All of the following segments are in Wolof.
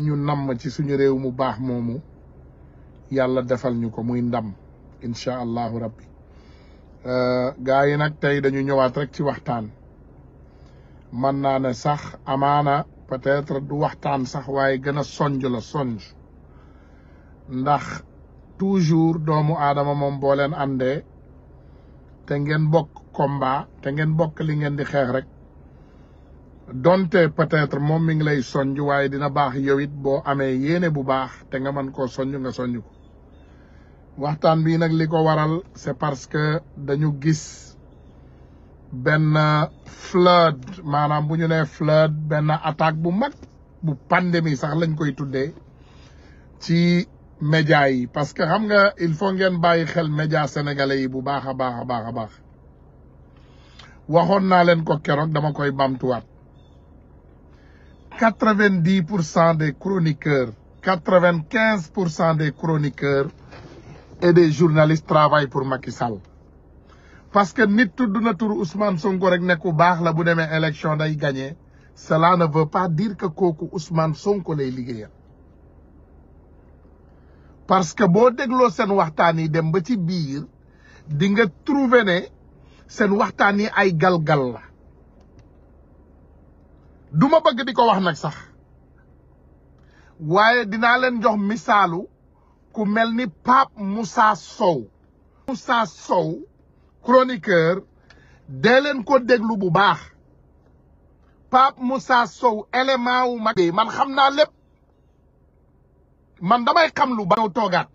ñu namm ci suñu réew mu baax moomu yàlla defal ñu ko muy ndam incha allahu rabbi euh, gaa yi nag tey dañu ñëwaat rek ci waxtaan mën naa ne sax amaana peut-être du waxtaan sax waaye gën a sonj la sonj ndax toujours doomu aadama moom boo leen àndee te ngeen bokk combat te ngeen bokk li ngeen di xeex rek donte peut-être moom mi ngi lay soññ waaye dina baax yow it boo amee yéene bu baax te nga mën koo soññ nga soññ ko waxtaan bii nag li ko waral c'est parce que dañu gis benn flood maanaam bu ñu nee flood benn attaque bu mag bu pandémie sax lañ koy tuddee ci média yi parce que xam nga il faut ngeen bàyyi xel média sénégalais yi bu baax a baax a baax a baax waxoon naa leen ko keroog dama koy bamtuwaat quatre-vingt-dix pour cent des chroniqueurs quatre-vingt-quinze pour cent des chroniqueurs et des journalistes travaillent pour Macky Sall parce que nit tudd na tur Ousmane Sonko rek ne ku baax la bu demee élection day gagné cela ne veut pas dire que kooku Ousmane Sonko lay liggéeyal parce que boo dégloo seen waxtaan yi dem ba ci biir di nga trouver ne seen waxtaan yi ay galgal la duma ma bëgg di ko wax nag sax waaye dinaa leen jox misaalu ku mel ni Pape Moussa Sow Moussa Sow chroniqueur dee leen ko déglu bu baax Pape Moussa Sow élément wu mag man xam naa lépp man damay xam lu ba toogaat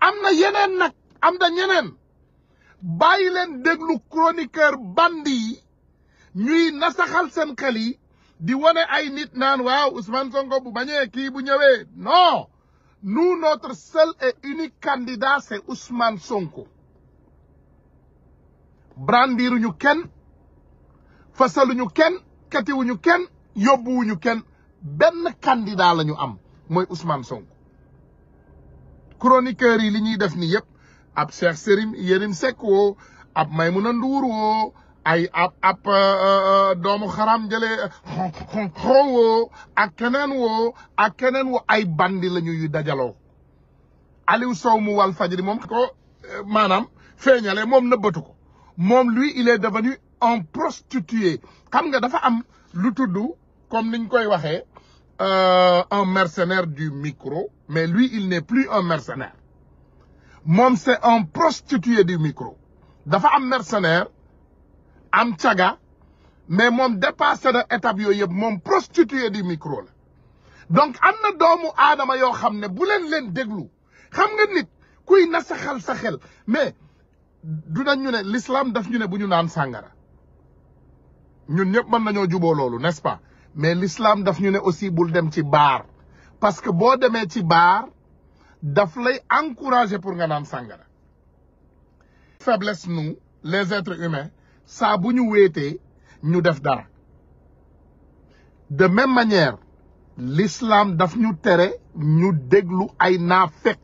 am na yeneen nag am na ñeneen bàyyi leen déglu chroniqueur bandi yi ñuy nasaxal seen xel yi di wane ay nit naan waaw Ousmane Sonko bu bañee kii bu ñëwee non nu notre seul et unique candidat c'est Ousmane Sonko brandiruñu kenn fasaluñu kenn katiwuñu kenn yóbbuwuñu kenn benn candidat la ñu am mooy usmaan Sonko chroniqueurs yi li ñuy def ni yëpp ab Cheikh Sérim Yérim Seck woo ab Maimouna Ndour woo ay ab ab euh, euh, doomu xaram jëlee xon woo ak keneen woo ak keneen woo ay bandi la ñuy dajaloo Aliou Sow mu wal fajri moom ko euh, maanaam feeñale moom nëbbatu ko moom lui il est devenu un prostitué xam nga dafa am lu tudd comme niñ koy waxee un mercenaire du micro mais lui il n'est plus un mercenaire moom c'est un prostitué du micro dafa am mercenaire am caga mais moom dépassé na étape yooyu yëpp moom prostitué du micro la donc an na doomu aadama yoo xam ne bu leen leen déglu xam nga nit kuy nasaxal sa xel mais du nañ ñu ne l'islam daf ñu ne bu ñu naan sàngara ñun ñëpp mën nañoo juboo loolu n'est-ce mais lislaam daf ñu ne aussi bul dem ci baar parce que boo demee ci baar daf lay encourager pour nga naan sàngara faiblesse nous les êtres humains saa bu ñu wéetee ñu def dara de même manière lislaam daf ñu tere ñu déglu ay naafeq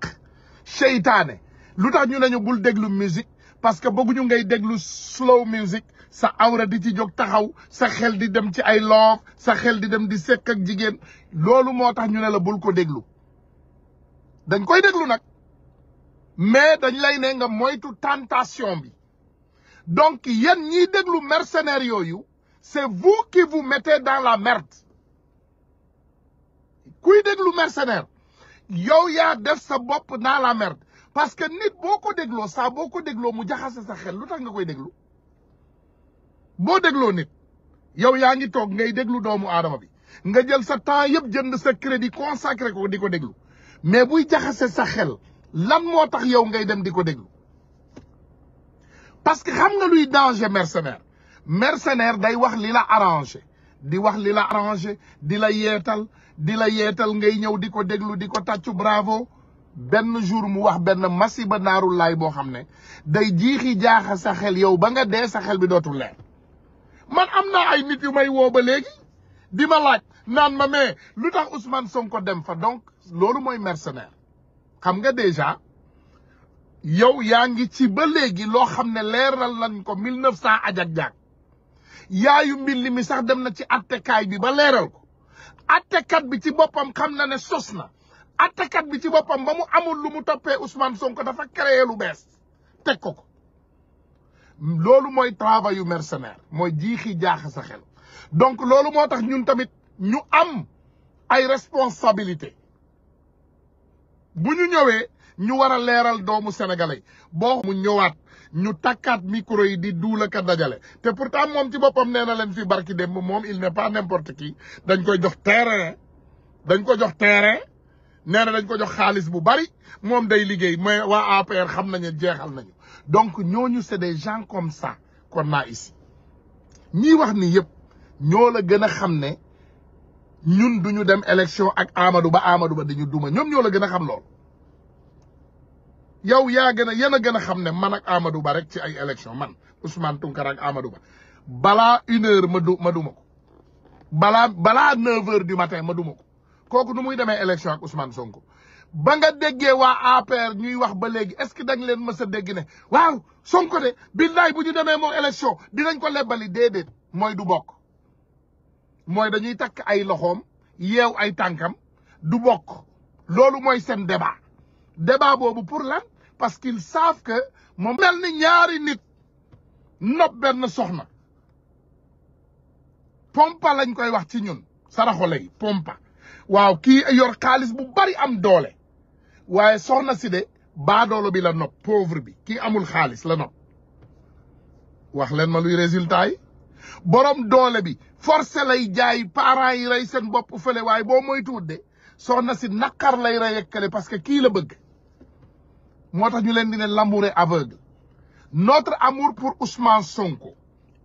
seytaane lu tax ñu ne ñu bul déglu musique parce que bëgguñu ngay déglu slow music sa awra di ci jóg taxaw sa xel di dem ci ay loof sa xel di dem di sekk ak jigéen loolu moo tax ñu ne la bul ko déglu dañ koy déglu nag mais dañ lay ne nga moytu tentation bi donc yéen ñiy déglu mercenaires yooyu c'est vous qui vous mettez dans la merde kuy déglu mercenaire yow yaa def sa bopp dans la merde parce que nit boo ko dégloo saa boo ko dégloo mu jaxase sa xel lu tax nga koy déglu boo dégloo nit yow yaa ngi toog ngay déglu doomu aadama bi nga jël sa temps yëpp jënd sa crédit consacré ko di ko déglu mais buy jaxase sa xel lan moo tax yow ngay dem di ko déglu parce que xam nga luy danger mercenaire mercenaire day wax li la arrangé di wax li la arrangé di la yeetal di la yeetal ngay ñëw di ko déglu di ko tàccu bravo benn jour mu wax benn ba naarul laay boo xam ne day jiixi jaaxa sa xel yow ba nga dee sa xel bi dootul leer man am naa ay nit yu may woo ba léegi di ma laaj naan ma mais lu tax Ousmane ko dem fa donc loolu mooy mercenaire xam nga déjà yow yaa ngi ci ba léegi loo xam ne leeral lañ ko mille neuf cent ajak yaayu mbill mi sax dem na ci attekaay bi ba leeral ko attekat bi ci boppam xam na ne sos na attekat bi ci boppam ba mu amul lu mu tappee toppee Ousmane ko dafa créé lu bees teg ko ko loolu mooy travail yu mercenaire mooy jiixi jaaxa sa xel donc loolu moo tax ñun tamit ñu am ay responsabilité bu ñu ñëwee ñu war a leeral doomu sénégalais boo mu ñëwaat ñu takkaat micro yi di duulaka dajale te pourtant moom ci boppam nee na leen fi barki dem moom il n'est pas n'importe qui dañ koy jox terrain dañ ko jox terrain nee dañ ko jox xaalis bu bari moom day liggéey mais waa APR xam nañu jeexal nañu donc ñooñu c'est des gens comme ça qu'on a ici ñii wax ni yëpp ñoo la gën a xam ne ñun duñu dem élection ak Amadou Ba Amadou Ba dañu duma ñoom ñoo la gën a xam lool yow yaa gën a yéen a gën a xam ne man ak Amadou Ba rek ci ay élection man Ousmane Tounkara ak Amadou Ba balaa une heure ma du ma duma ko balaa balaa neuf heures du matin ma duma ko kooku nu muy demee élection ak Ousmane Sonko ba nga déggee waa APR ñuy wax ba léegi est-ce que dañ leen mës a dégg ne waaw Sonko de billaay bu ñu demee moo élection dinañ ko lebali déedéet mooy du bokk mooy dañuy takk ay loxoom yeew ay tànkam du bokk loolu mooy seen débat débat boobu pour la parce qu'ils savent que moom mel ni ñaari nit nopp benn soxna pompa lañ koy wax ci ñun saraxole yi pompa waaw kii yor xaalis bu bari am doole waaye soxna si de doole bi la nopp pauvre bi ki amul xaalis la nopp wax leen ma luy résultat yi borom doole bi forcé lay jaay parents yi rey seen bopp fële waaye boo moytuwut de soxna si naqar lay rey yekkale parce que kii la bëgg moo tax ñu leen di ne l'amour est aveugle notre amour pour Ousmane Sonko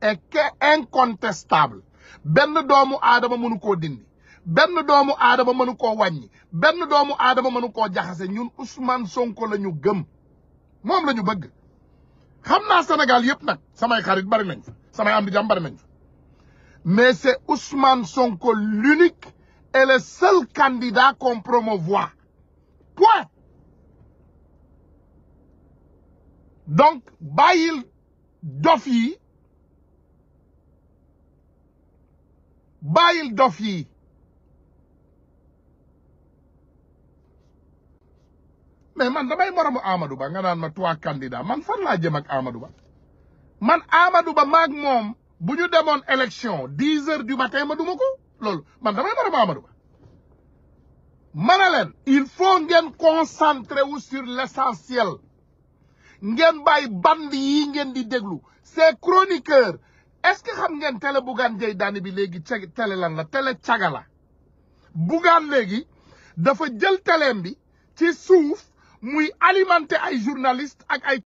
est incontestable benn doomu aadama mënu koo dindi benn doomu aadama mënu koo benn doomu aadama mënu koo jaxase ñun Ousmane Sonko la gëm moom lañu bëgg xam naa Sénégal yëpp nag samay xarit bari nañ fa samay am di nañ fa mais c'est Ousmane Sonko l'unique et le seul candidat qu'on promouvoit point donc bàyyil dof yi bàyyil dof yi mais man damay moromu amadu Ba nga naan ma trois candidats man fan laa jëm ak Amadou Ba man Amadou Ba maag moom bu ñu demoon élection dix heures du matin ma duma ko loolu man damay moromu Amadou Ba ma il faut ngeen concentrer wu sur l'essentiel ngeen bàyyi band yi ngeen di déglu ces chroniqueurs est-ce que xam ngeen télé Bougane Gueye Dany bi léegi ca télé lan la télé caga la Bougane léegi dafa jël téléem bi ci suuf muy alimenter ay journalistes ak ay